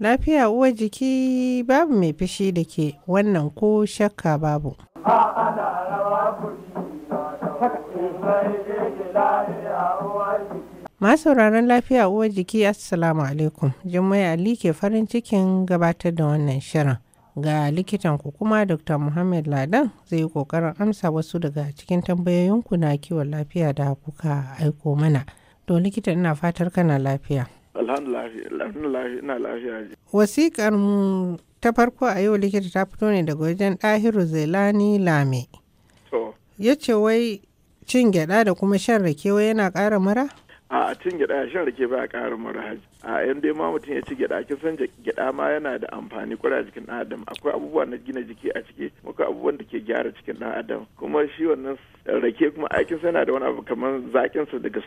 Lafiya uwar jiki babu mai fishi da ke wannan ko shakka babu. Masu sauraron lafiya uwar jiki Assalamu alaikum. Jummai Ali ke farin cikin gabatar da wannan shirin. Ga likitan ku kuma Dr. Muhammad Ladan zai yi ƙoƙarin amsa wasu daga cikin tambayoyinku na kiwon lafiya da kuka aiko mana. To likita ina fatar kana lafiya. Alhamdulillah ina lafiya. Wasiƙar mu ta farko a yau likita ta fito ne daga wajen ɗahiru Zelani Lame. Ya ce wai cin gyaɗa da kuma shan rake wai yana ƙara mura? a cin gyada shan rake ba ƙarin mara a yan dai ma mutum ya ci gyada kin san gyada ma yana da amfani kwarai jikin ɗan adam akwai abubuwa na gina jiki a ciki akwai abubuwan da ke gyara cikin ɗan adam kuma shi wannan rake kuma aikin yana da wani abu kamar zakin sa daga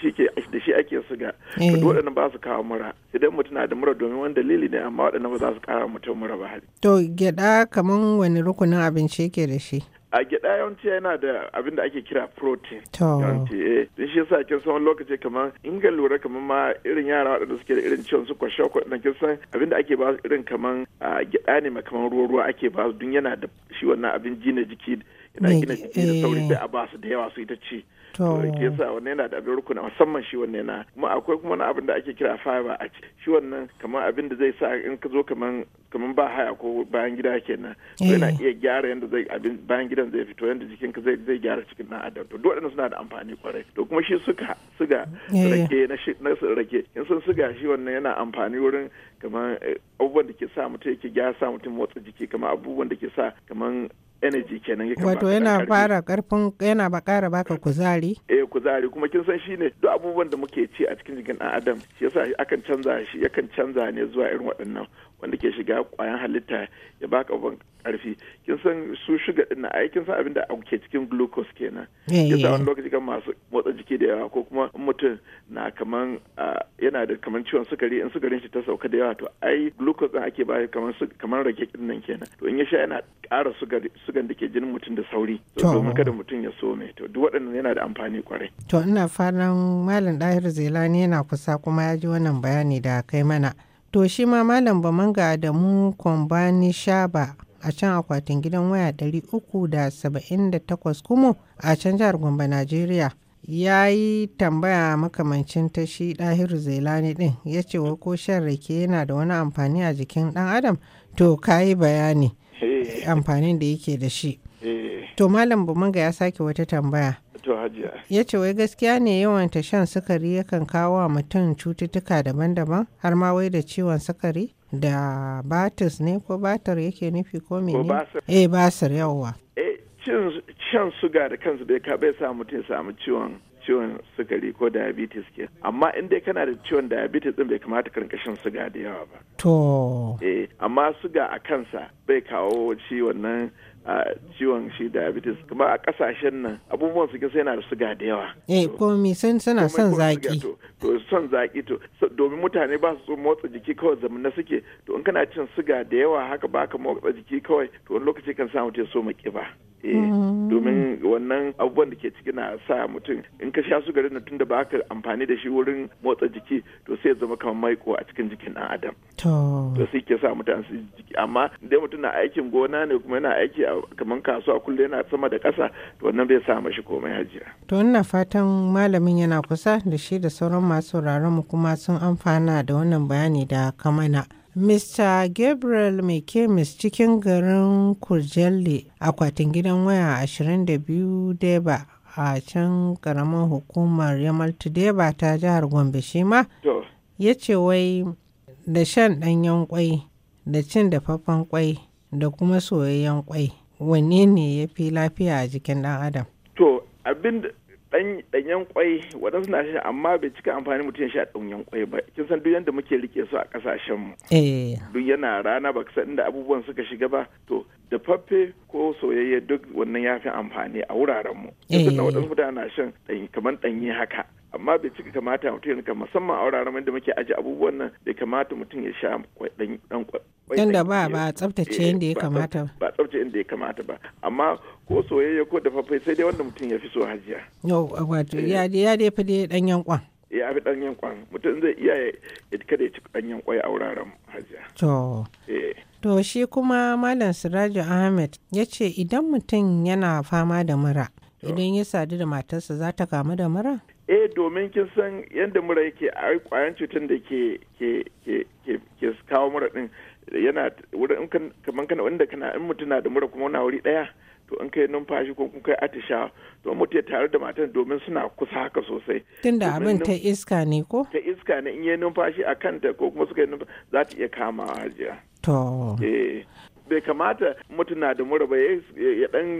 shi ke da shi ake suga to eh. waɗannan ba su kawo mura idan mutum na da mura domin wani dalili ne amma waɗannan ba za su ƙara mutum mura ba to gyada kamar wani rukunin abinci yake da shi a gyada yawanci yana da abin da ake kira protein yawanci eh shi yasa kin san lokaci kamar in ga lura kamar ma irin yara waɗanda suke da irin ciwon su kwashe ko dan kin san abin da ake ba su irin kamar gyada ne ma kamar ruwa ruwa ake ba su dun yana da shi wannan abin jina jiki yana gina jiki da sauri eh. sai a ba su da yawa su ita ce. ke yasa wannan yana da abin rukuna musamman shi wannan yana kuma akwai kuma abin da ake kira fiber a shi wannan kamar abin da zai sa in ka zo kamar kamar ba haya ko bayan gida kenan to eh. yana iya gyara yanda zai abin bayan gidan zai fito yanda jikin ka zai zai gyara cikin na adam to dole suna da amfani kwarai to kuma shi suka suga eh. rake na shi na rake in sun suga shi wannan yana amfani wurin kamar eh, abubuwan da ke sa mutum yake gyara sa mutum motsa jiki kamar abubuwan da ke sa kamar energy kenan yakan wato yana fara karfin yana ba kara baka kuzari eh, kuzari kuma kin san shine duk abubuwan da muke ci a cikin jikin dan adam shi yasa akan canza shi yakan canza ne zuwa irin waɗannan wanda ke shiga kwayan halitta ya baka ban karfi kin san su shuga din na aikin kin san abin da ke cikin glucose kenan yasa wani lokaci kan masu motsa jiki da yawa ko kuma mutum na kaman yana da kaman ciwon sukari in sukarin shi ta sauka da yawa to ai glucose din ake bayar kaman kaman rake din nan kenan to in ya sha yana ƙara sugan da ke jinin mutum da sauri domin kada mutum ya so mai to duk waɗannan yana da amfani kwarai sosai. To ina fatan Malam Ɗahir Zelani yana kusa kuma ya ji wannan bayani da kai mana. To shi ma Malam Bamanga da mu Kwambani Shaba a can akwatin gidan waya 378 kuma a can jihar Gombe Najeriya. Ya yi tambaya makamancin ta shi ɗahiru zelani din. ya ce wa ko shan rake yana da wani amfani a jikin ɗan adam to ka yi bayani eh. amfanin da yake da shi. Eh. To Malam Bamanga ya sake wata tambaya. hajiya. Ya ce wai gaskiya ne yawan ta shan sukari yakan kawo wa mutum cututtuka daban-daban har ma wai da ciwon sukari da batis ne ko batar yake nufi ko mene? Ko basir. Eh basir yawa. Eh shan suga da kansu bai ka bai sa mutum samu ciwon ciwon sukari ko diabetes ke amma in dai kana da ciwon diabetes din bai kamata ka rinka shan suga da yawa ba to eh amma suga a kansa bai kawo ciwon nan a ciwon shi diabetes kuma a kasashen nan abubuwan suke sai yana da suga da yawa eh komi sun suna son zaki to son zaki to domin mutane ba su motsa jiki kawai zamana suke to in kana cin suga da yawa haka baka motsa jiki kawai to wani lokaci kan samu mutum so mu kiba eh mm. domin wannan abubuwan da ke ciki na sa mutum in ka sha sugarin na tunda ba ka amfani da shi wurin motsa jiki to sai ya zama kamar maiko a cikin jikin ɗan adam to sai ke sa mutane su jiki amma idan mutum na aikin gona ne kuma yana aiki kamar kasuwa kullum yana sama da ƙasa to wannan bai sa mashi komai hajiya to ina fatan malamin yana kusa da shi da sauran masu mu kuma sun amfana da wannan bayani da kamana Mr. Gabriel McCamus cikin garin Kur'jalli, akwatin gidan waya 22 Deba a can karamin hukumar Yamaltu Deba ta jihar Gombe shi ma ya ce wai da shan ɗanyen kwai da cin dafaffen kwai da kuma soyayyen kwai wanne ne ya fi lafiya a jikin ɗan adam. To abin danyen kwai waɗansu na shi amma bai cika amfani mutum ya sha danyen kwai ba kin san duk yadda muke rike su a kasashen mu eh. duk yana rana baka san inda abubuwan suka shiga ba to Da dafaffe ko soyayye duk wannan ya fi amfani a mu Yanzu eh. na wadansu mutane na shan kamar danyi haka. amma bai cika kamata mutum ya musamman a wuraren da muke aji abubuwan nan da kamata mutum ya sha dan dan da ba ba tsaftace yadda ya kamata ba tsaftace yadda ya kamata ba amma ko soyayya ko dafaffai sai dai wanda mutum ya fi so hajiya yau wato ya eh. dai ya dai fi dai dan yankwan ya fi dan yankwan mutum zai iya ya kada ya ci dan yankwai a wuraren hajiya to To shi kuma Malam Siraju Ahmed ya ce idan mutum yana fama da mura, idan ya sadu da matarsa za ta kamu da mura? Eh domin kin san yadda mura yake a kwayan cutar da ke kawo mura din yana wurin kamar kana wanda kana in mutum na da mura kuma wani wuri daya to in kai numfashi ko kun kai atisha to mutum ya tare da matan domin suna kusa haka sosai tunda abin ta iska ne ko ta iska ne in yi numfashi a kanta ko kuma suka yi numfashi za ta iya kamawa hajiya To. Eh. bai kamata mutuna da mura ba ya dan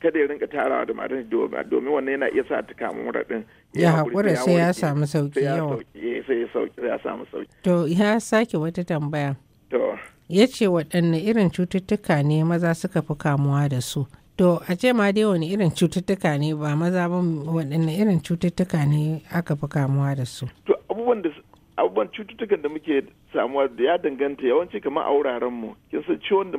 kada ya rinka tarawa da matan domin wannan yana iya sa ta kamu mura din ya hakura sai ya samu sauki yawa sai ya eh, samu sauki to ya sake wata tambaya to ya ce waɗanne irin cututtuka ne maza suka fi kamuwa da su to a ce ma dai wani irin cututtuka ne ba maza ba waɗanne irin cututtuka ne aka fi kamuwa da su to abubuwan da abubuwan cututtukan da muke samuwa da ya danganta yawanci kamar a wuraren mu kin san ciwon da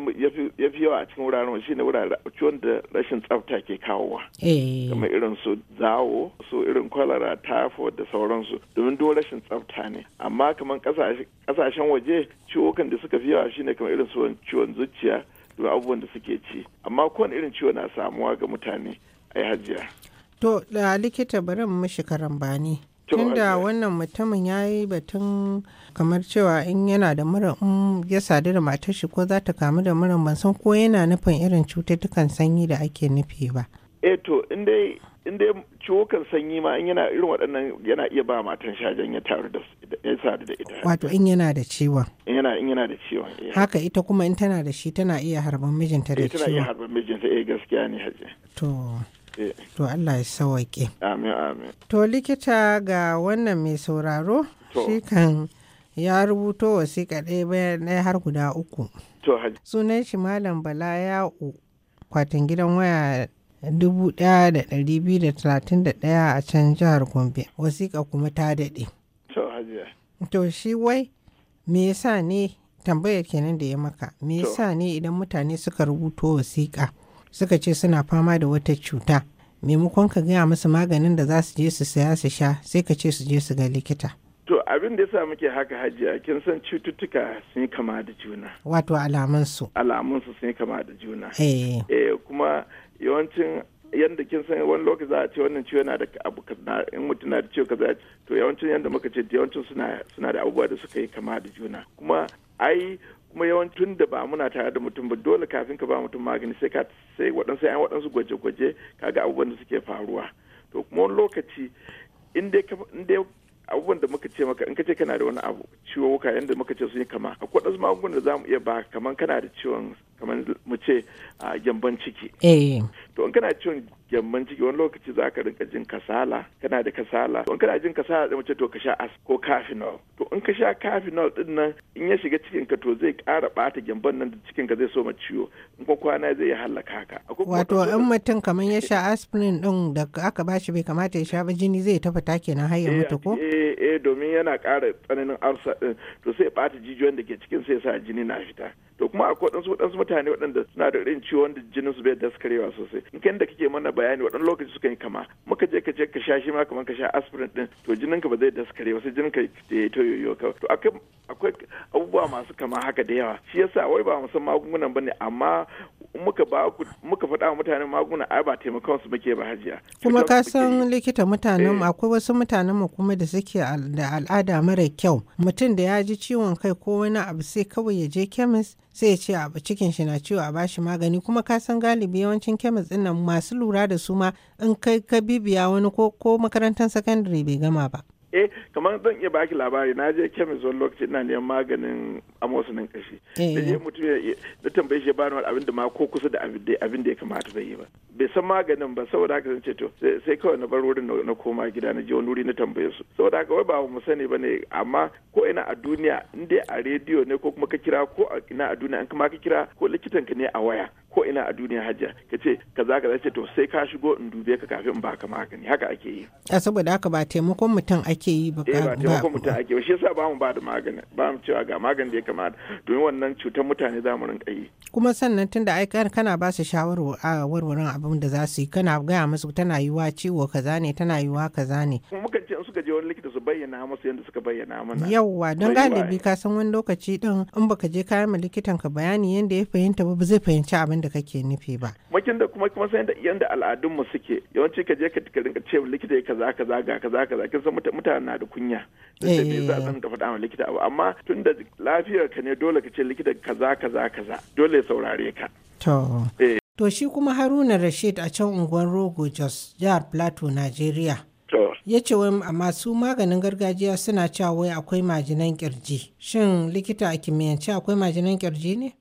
ya fi yawa a cikin wuraren mu shine wuraren ciwon da rashin tsafta ke kawowa eh. kamar irin su zawo su irin kwalara typhoid da sauransu domin duk rashin tsafta ne amma kamar kasashen waje ciwokan da suka fi yawa shine kamar irin su ciwon zuciya da abubuwan da suke ci amma kowane irin ciwo na samuwa ga mutane a hajiya to da likita bari mu mishi karambani tunda wannan mutumin ya yi batun kamar cewa in yana da mura in ya sadu da matar shi ko za ta kamu da mura ban san ko yana nufin irin cututtukan sanyi da ake nufi ba eh to in dai in ciwokan sanyi ma in yana irin waɗannan yana iya ba matan shajen ya taru da ya sadu da ita wato in yana da ciwon in yana in yana da ciwon eh. haka ita kuma in tana da shi tana iya harban mijinta da ciwon eh, tana iya harban mijinta eh gaskiya ne haje to To Allah ya sawaƙe. Amin amin. To likita ga wannan mai sauraro shi kan ya rubuto wasiƙa ɗaya bayan ɗaya har guda uku. Sunan shi Malam Bala ya kwatin gidan waya dubu ɗaya da da da ɗari biyu ɗaya a can jihar Gombe wasiƙa kuma ta daɗe. To shi wai me yasa ne tambayar kenan da ya maka me yasa ne idan mutane suka rubuto wasiƙa suka ce suna fama da wata cuta maimakon ka gaya musu maganin da za su je su saya su sha sai ka ce su je su ga likita to abin da yasa muke haka hajiya kin san cututtuka sun yi kama da juna wato alamansu alamansu sun yi kama da juna eh, eh kuma yawancin yadda kin san wani lokaci za a ce wannan ciwo na da abu kaza in mutum na da ciwo kaza to yawancin yadda muka ce yawancin suna suna da abubuwa da suka yi kama da juna kuma ai kuma yawancin da ba muna tare da mutum ba dole kafin ka ba mutum magani sai ka sai waɗansu an waɗansu gwaje-gwaje kaga abubuwan da suke faruwa to kuma wani lokaci in dai abubuwan da muka ce maka in ka ce kana da wani abu ciwo wuka yadda muka ce sun yi kama akwai wasu magungunan da za mu iya ba kaman kana da ciwon kamar mu ce a gyamban ciki eh. to in kana cin gyamban ciki wani lokaci za ka rinka jin kasala kana da kasala to in kana jin kasala da mace to ka sha as ko kafinol to in ka sha kafinol din nan in ya shiga cikin ka to zai ƙara bata gyamban nan da cikin ka zai so ma ciwo in ko kwana zai halaka ka wato in mutum kamar ya sha aspirin din da aka bashi bai kamata ya sha ba jini zai ta fita kenan har ya eh, mutu ko eh, eh domin yana kara tsananin arsa din to sai bata jijiyoyin da ke cikin sai sa jini na fita to kuma akwai waɗansu waɗansu mutane waɗanda suna da irin ciwon da jinin su bai daskarewa sosai in kai da kake mana bayani waɗannan lokaci suka yi kama muka je ka je ka sha shi ma kamar ka sha aspirin din to jinin ka ba zai daskare ba sai jinin ka ya ta yoyo ka to akwai abubuwa masu kama haka da yawa shi yasa wai ba mu san magungunan ne amma muka ba muka faɗa mutanen maguna ai ba taimakon su muke ba hajiya kuma ka san likita mutanen eh. akwai wasu mutanen mu kuma da suke da al'ada mara kyau mutum da ya ji ciwon kai ko wani abu sai kawai ya je kemis sai ya ce abu cikin shi na ciwo a bashi magani kuma ka san galibi yawancin kemis din nan masu lura da su ma in kai ka bibiya wani ko makarantar sakandare bai gama ba eh kamar zan iya baki labari na je kemis wani lokaci ina neman maganin nan kashi eh. da je mutum da tambaye shi bani abin da ma ko kusa da abin da ya kamata bai yi ba bai san maganin ba saboda haka zan ce to sai kawai na bar wurin na koma gida na je wani wuri na tambaye su saboda haka wai ba mu sani ba ne amma ko ina a duniya in dai a rediyo ne ko kuma ka kira ko ina a duniya in kuma ka kira ko likitan ka ne a waya ko ina a duniya hajja ka ce kaza ka ce to sai ka shigo in dube ka kafin in baka magani haka ake yi a saboda haka ba taimakon mutum ake yi ba eh, ba taimakon mutum ake yi shi yasa ba mu ba da magani ba mu cewa ga magani da ya kamata domin wannan cutar mutane za mu rinka yi kuma sannan tunda ai kana ba su warwarin abin da za su yi kana gaya musu tana yiwa ciwo kaza ne tana yiwa kaza ne muka ce in suka je wani likita su bayyana musu yadda suka bayyana mana yawwa don galibi ka san wani lokaci din in baka je kayan likitan ka bayani yadda ya fahimta ba zai fahimci abin da da kake nufi ba makin da kuma kuma da yanda al'adun mu suke yawanci ka je ka rinka ce likita ya kaza kaza ga kaza kaza kin san mutane na da kunya da me za eh. ka faɗa ma likita abu amma tunda lafiyar ka ne dole ka ce likita kaza kaza kaza dole saurare ka to eh. to shi kuma Haruna Rashid a can unguwar Rogo Jos jihar Plateau Nigeria ya ce wai amma su maganin gargajiya suna cewa wai akwai majinan kirji shin likita a kimiyyance akwai majinan kirji ne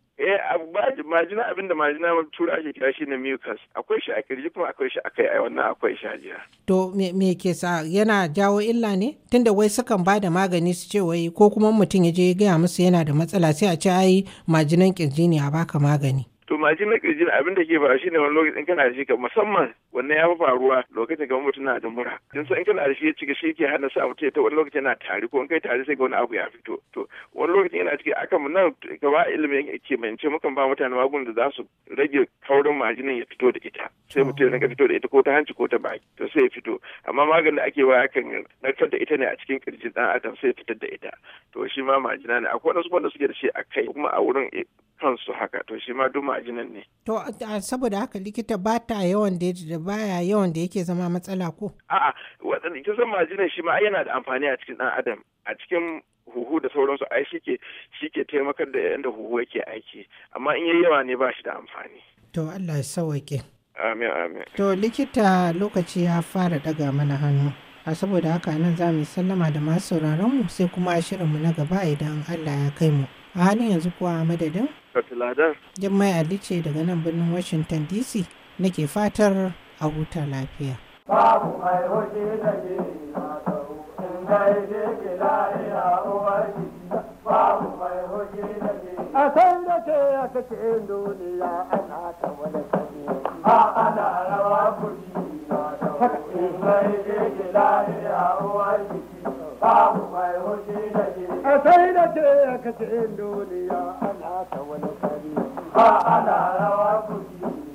majina abinda majina mai tura ake kira shi ne mucus akwai shi a kirji kuma akwai shi a kai ai wannan akwai shi jiya. to me ke sa yana jawo illa ne tunda wai sukan ba da magani su ce wai ko kuma mutum ya je ya gaya musu yana da matsala sai a ce ai majinan kirji ne a baka magani to majin na kirji abin da ke shi ne wani lokacin kana da shi ka musamman wanne ya fi faruwa lokacin kamar mutum na da mura in san kana da shi ya cika shi ke hana sa mutum ta wani lokacin yana tari ko in kai tari sai ga wani abu ya fito to wani lokacin yana ciki akan mu nan gaba ilimin ke ce mukan ba mutane magun da za su rage kaurin majinin ya fito da ita sai mutum ya fito da ita ko ta hanci ko ta baki to sai ya fito amma maganin da ake wa kan narkar da ita ne a cikin kirji dan adam sai fitar da ita to shi ma majina ne akwai wasu wanda suke da shi a kai kuma a wurin eh, kansu haka to shi ma duk majinan ne to saboda haka likita ba ta yawan da baya yawan da yake zama matsala ko a'a wadanda ita san majinan shi ma yana da amfani a cikin dan adam a cikin huhu da sauransu ai shi ke taimakar da yanda huhu yake aiki amma in yayi yawa ne ba shi da amfani to Allah ya sauke amin amin to likita lokaci ya fara daga mana hannu a saboda haka nan za mu sallama da masu sauraron mu sai kuma a shirinmu na gaba idan Allah ya kai mu a halin yanzu kuwa a madadin Jummai Ali ce daga nan birnin Washington DC nake fatar a huta lafiya. Babu mai hoji da ke na in dai ke a uwarki a san da ke ya kace duniya ana ta wani kare a ana rawa kuri na da wani mai ke lafiya uwar jiki babu mai hoji da ke a san da ke ya kace duniya ana ta wani kare a ana rawa kuri